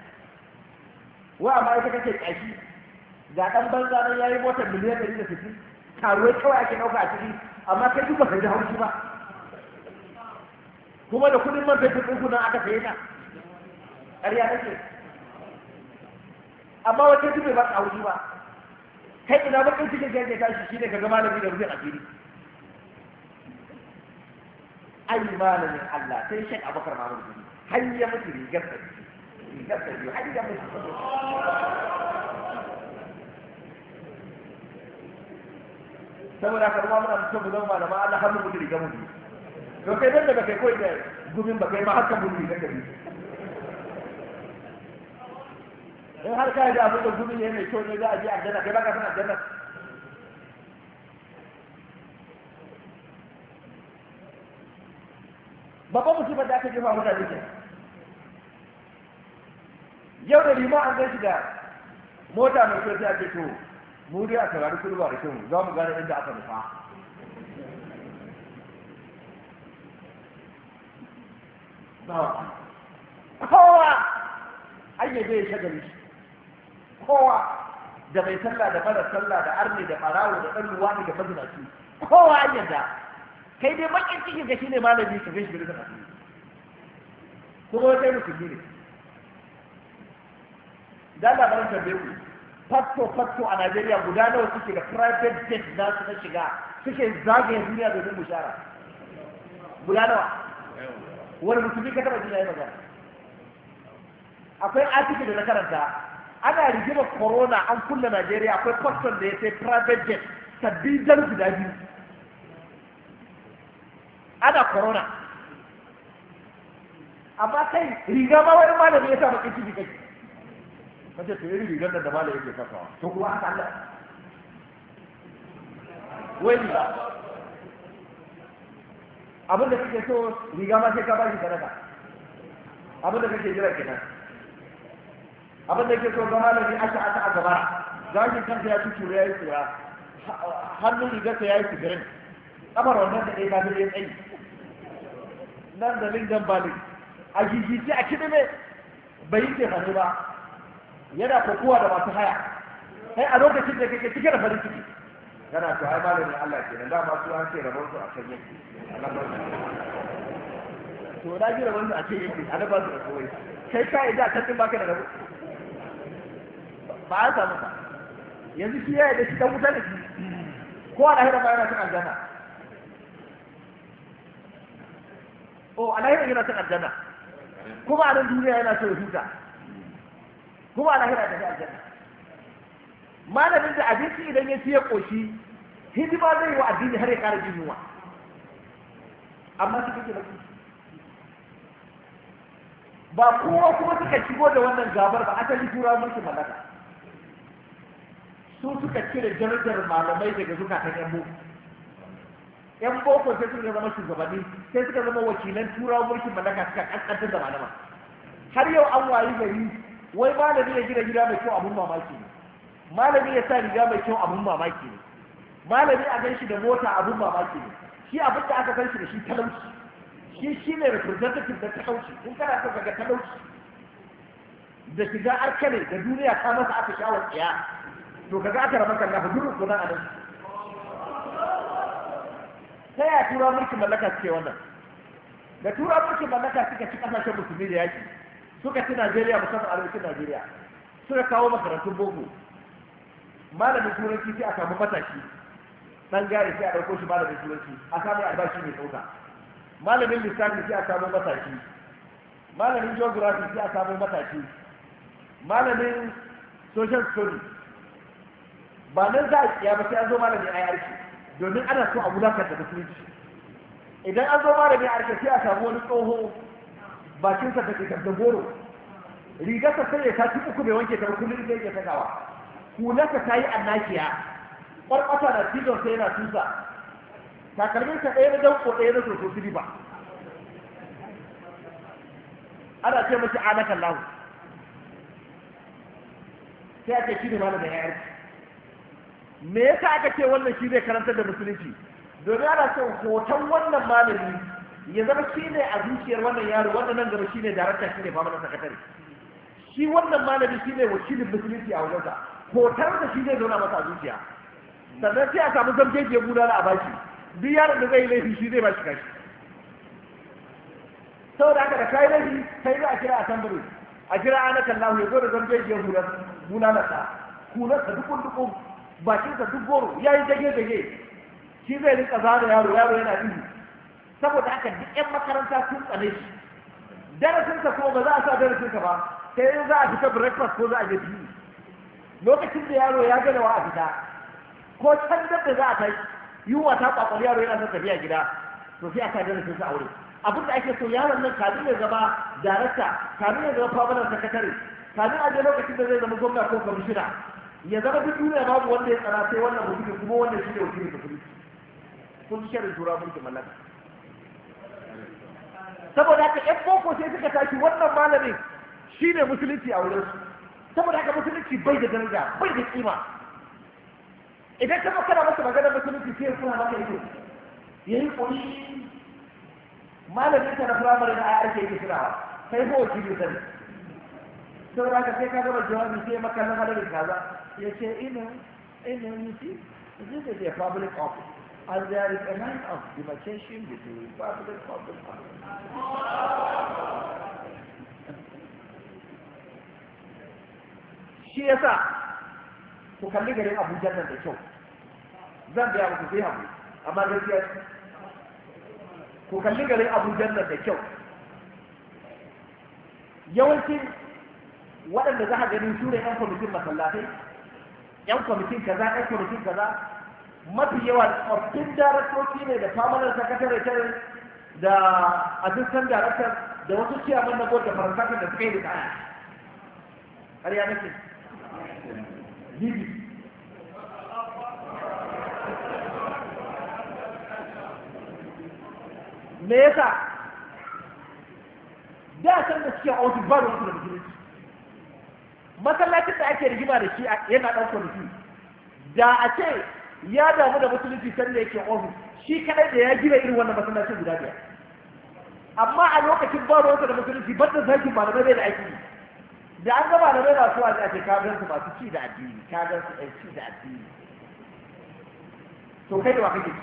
wa amma ita kake ƙashi ga ɗan banza nan ya yi motar miliyan ɗari da fiti karuwai kawai ake ɗauka a ciki amma kai duk baka da haushi ba kuma da kudin man fetur ɗin nan aka saye ta ƙarya nake amma wata duk bai ba ka haushi ba kai ina bakin cikin jirgin yake tashi ne ka ga malami da a asiri ai malamin Allah sai Sheikh Abubakar Mahmud har ya mutu rigar da rigar da har ya mutu saboda haka ruwa muna son mu zama malama Allah har mu gudu riga mu to kai dan da kai koyi da gumin ba kai ma hakan gudu riga ka in har kai da abin da gumin ne mai kyau ne za a je aljanna kai baka ka san aljanna babban musibar da aka jefa mutane ke yau da lima an gaishe da mota mai kyau sai a ce to mu dai a taurari kudu ba da kyau za mu gane inda aka nufa kowa an yi zai shagali kowa da mai sallah da mara sallah da arni da farawo da ɗan ruwa da mazinaci kowa an yadda kai dai bakin cikin ka shine malami ka gaishe da kafin. kuma wata yi musulmi ne da labarin tambaye ku fatto-fatto a Najeriya guda nawa suke da private jet za su na shiga suke zagaye duniya domin bushara guda nawa wani musulmi ka taba jina yi magana akwai article da na karanta ana rigima corona an kulle Najeriya akwai fatton da ya sai private jet sabbin jar guda biyu ana corona amma kai riga ma wani malami ya samu kai ciki kace to irin rigar da malai yake kasawa to kuma haka Allah wai ba. abin da kake so riga ma sai ka ba shi sadaka abin da kake jira kenan abin da kake so ga malami aka aka a gaba gashin kanka ya ya yi tsira hannun ya yi tsirin kamar wannan da ɗaya ba ya tsayi nan da lingan balin a gigice a kidime bai yi tefani ba yana kokowa da masu haya sai a lokacin da kake cike da farin ciki yana to ai malamin Allah ke nan dama su an ce rabon su a kan yake to na ji rabon su a can yake a na ba su da koyi kai ka idan ka din baka da rabon ba a samu ba yanzu shi ya da shi dan wuta da shi ko a lahira ba yana cin aljanna o oh, a lahira yana cin aljanna kuma a nan duniya yana cin ya huta kuma a lahira tafi aljanna malamin da abinci idan ya ya koshi hidima zai yi wa addini har ya kara jin yunwa amma su kake baki ba kowa kuma suka shigo da wannan gabar ba asali tura mulki mallaka su suka cire jarjar malamai daga zukatan yan boko yan boko sai suka zama shugabanni sai suka zama wakilan tura mulki mallaka suka kaskantar da malama har yau an wayi gari wai malami ya gina gida mai kyau abun mamaki ne malami ya sa riga mai kyau abun mamaki ne malami a ganshi da mota abun mamaki ne shi abin da aka san shi da shi talauci shi shi ne representative da talauci in kana so ga talauci da shiga arkane da duniya ta masa aka shawar ɗaya to kaga aka rama kan nafa duk a anan ta ya tura mulkin mallaka suke wannan da tura mulkin mallaka suka ci kasashen musulmi da yaki suka ci najeriya musamman arewacin najeriya suka kawo makarantun boko malamin turanci sai a samu mataki dan gari sai a ɗauko shi malamin turanci a samu albashi mai sauka malamin lissafi sai a samu mataki malamin geography sai a samu mataki malamin social study ba nan za a kiya ba sai an zo malamin irc domin ana so a da musulunci idan an zo malamin irc sai a samu wani tsoho bakinsa da ke da goro rigarsa sai ya sati uku bai wanke ta kullum sai ya sakawa hularsa ta yi annakiya ƙwarƙwata na cizon sai yana tusa takalminsa ɗaya na danko ɗaya na soso siliba ana ce mashi alakan lahu sai ake shi ne da yayar me yasa aka ce wannan shi zai karantar da musulunci domin ana son hoton wannan malami ya zama shi ne a zuciyar wannan yaro wannan nan gaba shi ne darakta shi ne famanin sakatare shi wannan malami shi ne wakilin musulunci a wajensa hotar da shi zai zauna masa a zuciya sannan sai a samu zamjeje guda na a baki duk yaron da zai yi laifi shi zai ba shi kashi saboda haka da kayi laifi kai za a kira a tambari a kira ana kallahu ya zo da zamjeje guda na sa kunarsa dukun dukun bakinsa duk goro ya yi dage dage shi zai rinka zama yaro yaro yana ihu saboda haka duk 'yan makaranta sun tsane shi ka ko ba za a sa darasinka ba sai yin za a fita breakfast ko za a je biyu lokacin da yaro ya gane wa a fita ko can da za a kai yunwa ta kwakwal yaro yana son tafiya gida to sai a sa darasin sa aure abinda ake so yaron nan kamin ya zama darasta kamin ya zama permanent sakatare kamin a je lokacin da zai zama gwamna ko kamishina, ya zama duk duniya babu wanda ya tsara sai wannan mutum kuma wannan shi ne wakilin da kudi kun shirin tura mulkin mallaka saboda haka ƴan boko sai suka tashi wannan malamin shine musulunci a wurin su saboda haka musulunci bai da daraja bai da kima idan ka kana masa magana musulunci sai ya kuna maka ido yi koyi malamin ka na firamare na ayar ke yi kirawa sai ko wakili sani saboda haka sai ka gaba jawabi sai maka na halarin kaza ya ce ina ina yi shi zai da a public office A they are recognized as demarcation between Republic of the Shi yasa ku kalli garin Abuja nan da kyau, zan biya muku sai hamu, amma gaskiya ku kalli garin Abuja nan da kyau. Yawancin waɗanda za a gani su ne 'yan kwamitin masallatai, 'yan kwamitin kaza, 'yan kwamitin kaza, mafi yawa tsoffin daraktoci ne da famanar sakatare da asistan daraktar da wasu man na da faransakan da suka yi da kaya ƙarya nake libi me yasa da san da suke a ba da wasu da musulunci masallacin da ake rigima da shi yana ɗan kwamiti da a ce ya damu da musulunci da yake ofis shi kadai da ya gina irin wannan masallacin guda biyar amma a lokacin ba ruwansa da musulunci ban da ba malamai bai da aiki da an ga malamai masu wani a ce ka su masu ci da addini ka gan su ɗan ci da addini to kai da wa kake ci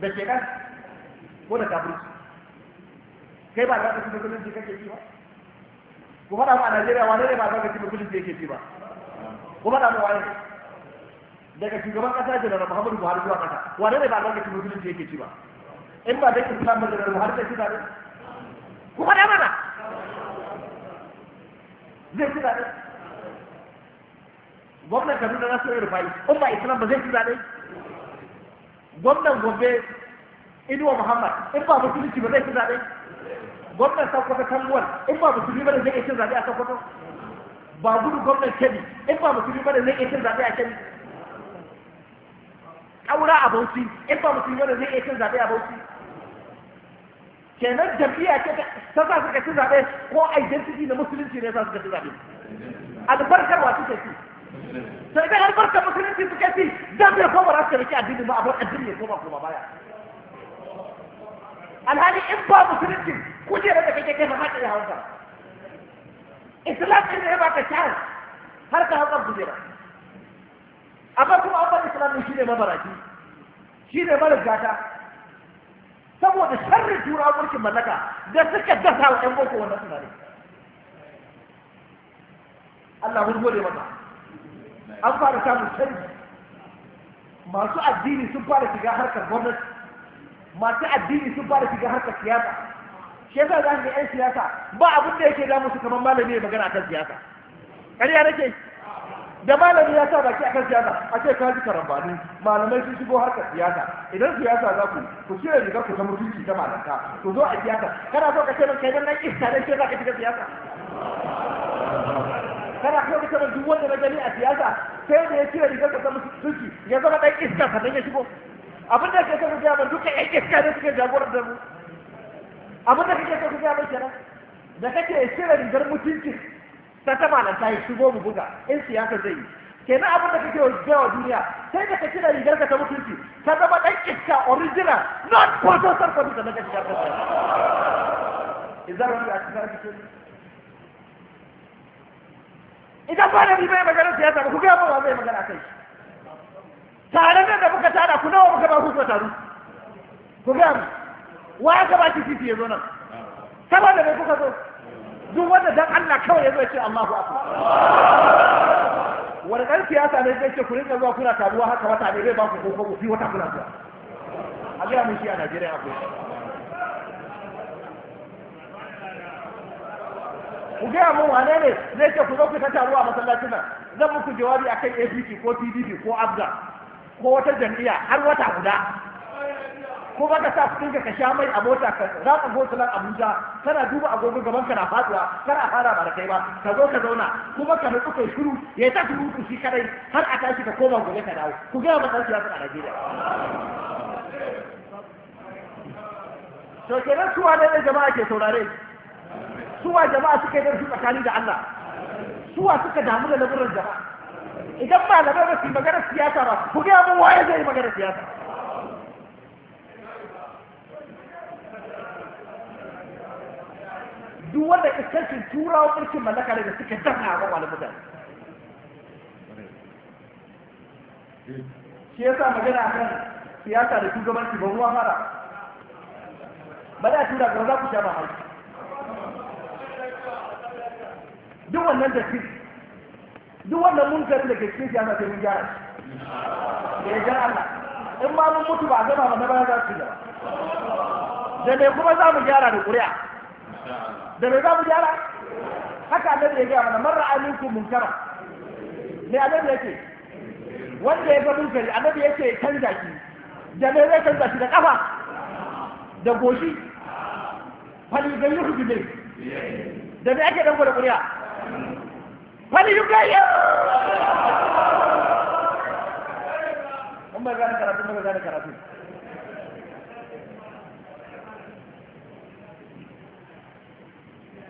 da ke kan ko da kafirci kai ba za ka ci musulunci kake ci ba ku faɗa mu a Najeriya wane ne ba za ka ci musulunci yake ci ba ku faɗa mu wane ne daga shugaban kasa janar muhammadu buhari zuwa kasa wane ne ba albarkacin musulunci yake ci ba in ba da islam mai janar buhari zai ci zaɓe kuma da mana zai ci zaɓe gwamnan kaduna na so irfai in ba islam ba zai ci zaɓe gwamnan gobe inuwa muhammad in ba musulunci ba zai ci zaɓe gwamnan sakwata kanguwar in ba musulmi ba zai iya cin zaɓe a sakwata ba gudu gwamnan kebbi in ba musulmi ba zai iya cin zaɓe a kebbi aura a bauchi in ba mutum wanda zai iya cin zaɓe a bauchi kenan jam'iyya ce ta sa suka ci zaɓe ko identity na musulunci ne sa suka ci zaɓe albarkar wasu ke ci sai idan albarkar musulunci suka ci dan bai koma za su rike addini ma abin addini ya koma koma baya alhali in ba musulunci kujerar da kake kai ma haka ya hauka islam ne ya ka chance har ka hauka kujera amma kuma an islam shi ne mabaraki shi ne mara gata saboda sharrin turawa mulkin mallaka da suka dasa wa ƴan boko wannan tunani Allah mun gode maka an fara samun canji masu addini sun fara shiga harkar gwamnati masu addini sun fara shiga harkar siyasa shi yasa za ga 'yan siyasa ba abin da yake da su kamar malami ya magana kan siyasa ƙarya nake da malami ya sa baki akan siyasa a ce ka ji karambani malamai sun shigo harkar siyasa idan siyasa za ku ku cire rigar ku ta mutunci ta malanta to zo a siyasa kana so ka ce kai dan nan iska dan ce za ka shiga siyasa kana so ka ce duk wanda na gani a siyasa sai da ya cire rigar ku ta mutunci ya zama dan iska dan ya shigo abin da ke so ku ga ban duka yan iska ne suke jagorar da mu abin da kake so ku ga ban kenan da kake cire rigar mutunci ta ta malanta ya shigo mu buga in siyasa zai yi kenan abin da kake wa duniya sai da ka cire rigar ka ta mutunci ta zama dan iska original not processor ka bisa daga shigar kasa idan wani a cikin idan ba da ni bai magana siyasa ba ku gaya ba zai magana kai tare da da muka tara ku nawa muka ba ku so taru ku gaya ba wa ka ba ki titi ya zo nan saboda bai kuka zo duk wanda dan Allah kawai ya zo ce Allahu akbar wani ɗan siyasa ne zai ce ku rinka zuwa kuna taruwa haka wata ne zai ba ku ko ku wata kuna zuwa a ga mun shi a Najeriya akwai ku gaya mun wane ne zai ce ku zo ku ta taruwa a masallacin nan zan muku jawabi akan APC ko PDP ko ABGA ko wata jam'iyya har wata guda ko ba ka sa kuɗin ka sha mai a mota ka za go gosulan Abuja kana duba agogo gaban ka na faduwa kana a fara ba da kai ba ka zo ka zauna kuma ka nutsu kai shiru ya ta shiru ku shi kadai har a tashi ka koma gobe ka dawo ku ga ba siyasa a Najeriya to kenan suwa ne jama'a ke saurare suwa jama'a suka yi darsu tsakani da Allah suwa suka damu da lamuran jama'a idan malamai ba su magana siyasa ba ku gaya mun waye zai yi siyasa duk wanda kaskancin turawa ƙarfin mallaka da suka danna a kwakwalin mutane shi yasa magana kan siyasa da shugabanci ba ruwa fara ba tura ga za ku sha mamaki duk wannan da fi duk wannan munkar da ke cikin siyasa sai yin gyara da ya gyara Allah in ma mun mutu ba a gama ba na baya za su yi da me kuma za mu gyara da ƙuri'a da me za mu gyara haka annabi ya gaya mana marra mun munkara me annabi yake wanda ya ga munkari annabi yake canza shi da me zai canza shi da kafa da goshi faligayyuhu bi da me ake dango da kuriya faligayyuhu in ba gane karatu ba gane karatu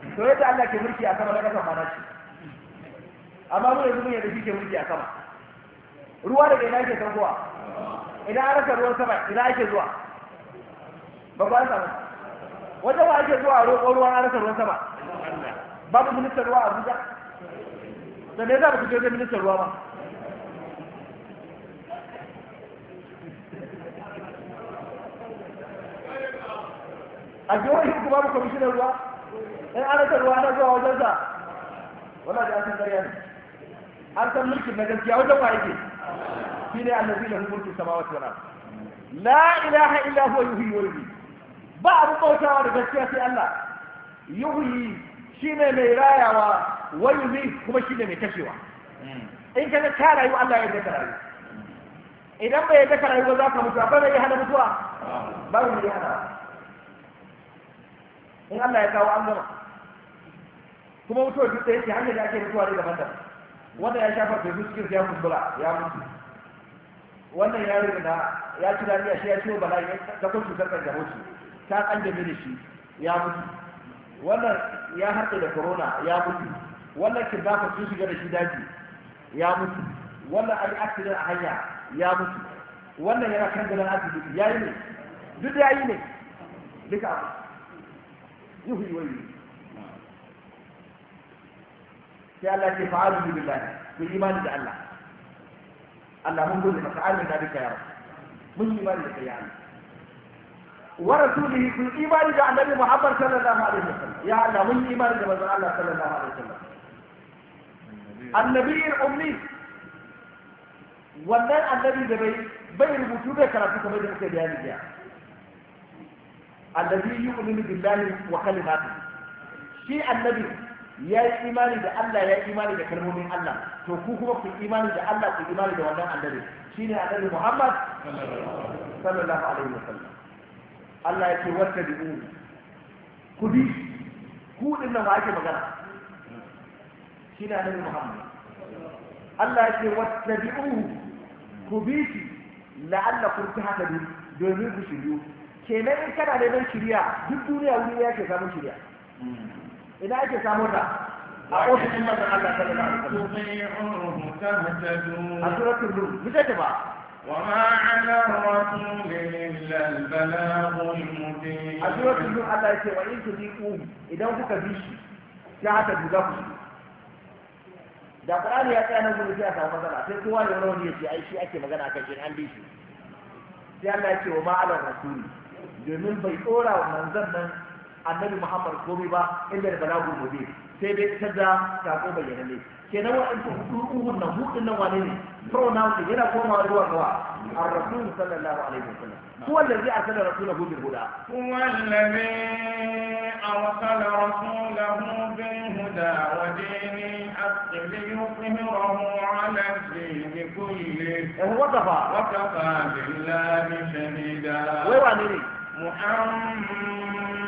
to yadda Allah ke mulki a sama na kasan ma nashi amma mun yanzu mun yadda shi ke mulki a sama ruwa daga ina ke saukowa ina an rasa ruwan sama ina ake zuwa ba ba an samu ba ake zuwa roƙo ruwan an rasa ruwan sama babu ministan ruwa a Abuja ne za mu je da ministan ruwa ba a jihohi kuma babu kwamishinan ruwa in ana tarwa na zuwa wajen sa wala da san ƙarya ne an san mulkin na gaskiya wajen wa yake shi ne allazi lahu mulku samawati wal ardh la ilaha illa huwa yuhyi wa yumiit ba abu bautawa da gaskiya sai Allah yuhyi shine mai rayawa wa yumiit kuma shine mai kashewa in ka ka rayu Allah ya yarda rayu idan bai yarda rayu ba za ka mutu ba ya hana mutuwa ba mu ya hana in Allah ya kawo an gama kuma mutuwar duk da yake hanyar da ake mutuwa ne daban daban wannan ya shafa fesu cikin ya kumbura ya mutu wannan ya rina ya ci a shi ya ciwo bala'i ya kun cutar kanjamau shi ta jami da shi ya mutu wannan ya haɗe da corona ya mutu wannan kidnapper sun shiga da shi daji ya mutu wannan an yi accident a hanya ya mutu wannan yana kan ganin asibiti ya yi ne duk da ya yi ne duka yuhu yi wani يالله تفعلوا بالله بالإيمان بالله اللهم قل لك فعلنا ذلك يا رب من إيمان لك يا الله ورسوله بالإيمان بالنبي محمد صلى الله عليه وسلم يا الله من إيمان بالنبي الله صلى الله عليه وسلم النبي الأمي wannan annabi da bai bai rubutu bai karatu kamar da muke bayani ya annabi yu'minu billahi wa kalimatihi shi annabi ya yi imani da Allah ya yi imani da kalmomin Allah to ku kuma ku imani da Allah ku imani da wannan annabi shine annabi Muhammad sallallahu alaihi wasallam Allah ya ce wata da ku bi ku din nan ba ake magana shine annabi Muhammad Allah ya ce wata da ku bi shi la'allakum tahtadun domin ku shiryu kenan in kana neman shiriya duk duniya wuri ya ke samun shiriya ina ake samu ta a ofishin manzon Allah sallallahu alaihi a suratul rum bita ta ba وما على الرسول إلا البلاغ المبين أسورة النور الله idan وإن bi إذا ya بيشي ساعة ku. da Qur'ani ya tsaya nan gudu sai samu matsala sai kowa ya rauni ya ce ai shi ake magana kan shi an bi shi sai Allah ya ce wa ma'alar rasuli domin bai tsora wa manzon nan annabi muhammad komai ba inda da balagul mubin sai dai ta da sako bayyana ne kenan wa'ansu hudun nan hudun nan wane ne pronoun ne yana komawa zuwa gawa الرسول صلى الله عليه وسلم هو الذي أرسل رسوله بالهدى هو الذي أرسل رسوله بالهدى ودين الحق ليظهره على الدين كله وكفى وكفى بالله شهيدا محمد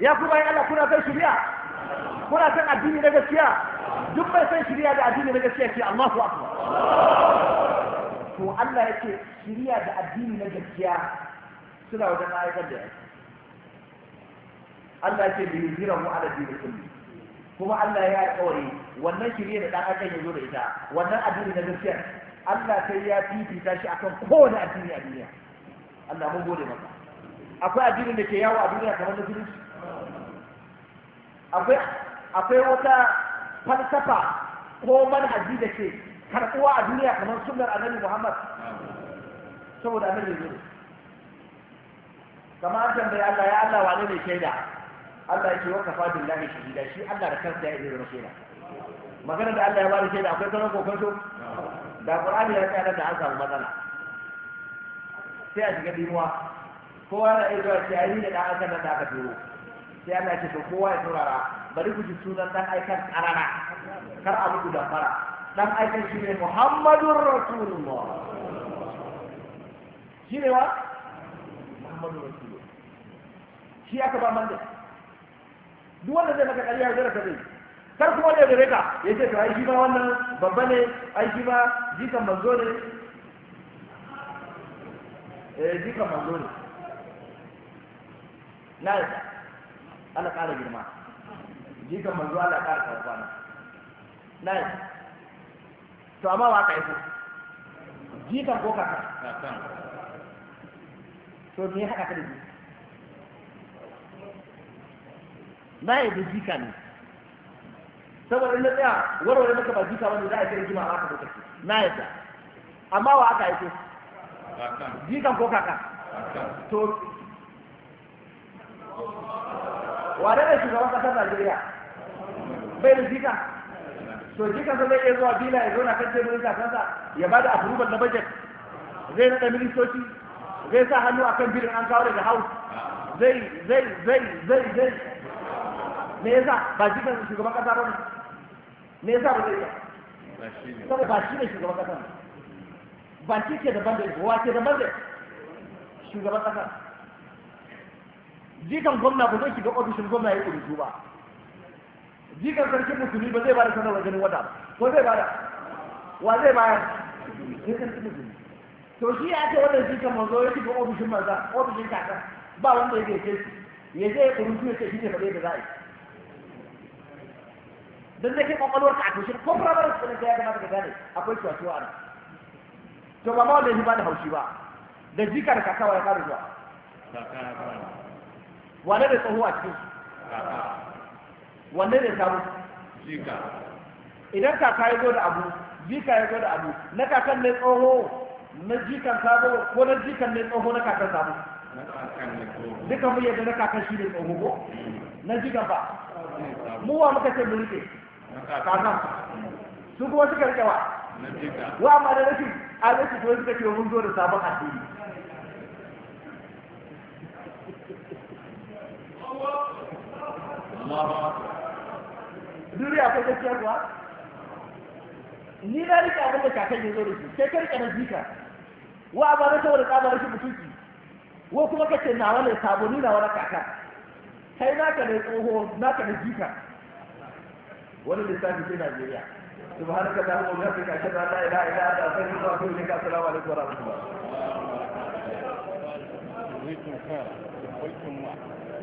ya kuma yi Allah kuna san shirya kuna san addini na gaskiya duk bai san shirya da addini na gaskiya ke Allahu akbar to Allah yake shirya da addini na gaskiya suna wajen ayyukan da yake Allah yake bi mu ala dini kulli kuma Allah ya kawai wannan shirya da dan akan ya zo da ita wannan addini na gaskiya Allah sai ya fifita shi akan kowane addini a duniya Allah mun gode maka akwai addinin da ke yawo a duniya kamar na musulunci akwai wata falsafa ko manhaji da ke karɓuwa a duniya kamar sunar annabi Muhammad saboda annabi ne kamar an tambaye Allah ya Allah wane ne shaida Allah yake waka fa billahi shahida shi Allah da kansa ya yi zama shaida magana da Allah ya bada shaida akwai sauran kokonto da Qur'ani ya tsaya da an samu matsala sai a shiga dimuwa kowa na iya zuwa shi a yi da ɗan aka nan da aka turo sai Allah ya ce to kowa ya saurara bari ku ji sunan dan aikan karara kar a muku fara dan aikan shi ne Muhammadur Rasulullah shi ne wa Muhammadur Rasulullah shi aka ba manda duk wanda zai maka kariya zai raka zai kar kuma da gare ka ya ce to aiki shi ma wannan babba ne ai shi ma jikan manzo ne eh jikan manzo ne na yasa Allah ƙara girma jikan manzo Allah ƙara na nai to amma wa ka iso jikan ko kaka to ni haka ka da jikan na yadda jika ne saboda in na tsaya warware maka ba jika wani za a kira jima a aka lokaci na yadda amma wa aka aiko jikan ko kaka to wane ne shugaban kasar najeriya bai da jika to jika sa zai iya zuwa bila ya zauna kan teburin kasansa ya ba da approval na budget zai naɗa ministoci zai sa hannu akan bilin an kawo daga house zai zai zai zai zai me yasa ba jika sa shugaban kasa ba ne me yasa ba zai iya saboda ba shi ne shugaban kasa ba ke da wa ke daban da shugaban kasa jikan gwamna ba zai shiga ofishin gwamna ya kurutu ba jikan sarkin musulmi ba zai bada sanarwar ganin wata ko zai bada wa zai bayar jikan sarkin musulmi to shi ya ce wannan jikan manzo ya shiga ofishin manza ofishin kaka ba wanda ya gaishe shi ya je ya kurutu ya ce shi ne ba zai da za'i yi dan da kai kwakwalwar ka a tushe ko firamare da ne ya gama daga gane akwai cuwa a ana to ba ma wanda ya ba da haushi ba da jikar ka kawai ya fara zuwa wane da tsoho a cikin wanne ne samu jika idan kaka ya zo da abu jika ya zo da abu na kakan ne tsoho na jikan sabo ko na jikan ne tsoho na kakan sabo duka mu yadda na kakan shi ne tsoho ko hmm. na jikan ba mu wa muka ce mu kakan su kuma suka rike wa wa ma da rashin a rashin to suka ce mun zo da sabon addini duniya akwai gaskiya kuwa ni na rika abin da kakan ya zo da shi sai ka rika na zika wa ba na saboda tsabar shi mutunci wa kuma kace nawa ne sabo ni nawa na kaka kai naka ne tsoho naka ne jika wani lissafi sai Najeriya subhanaka allahumma wa bihamdika ashhadu an la ilaha illa anta astaghfiruka wa atubu ilaik assalamu alaikum wa rahmatullah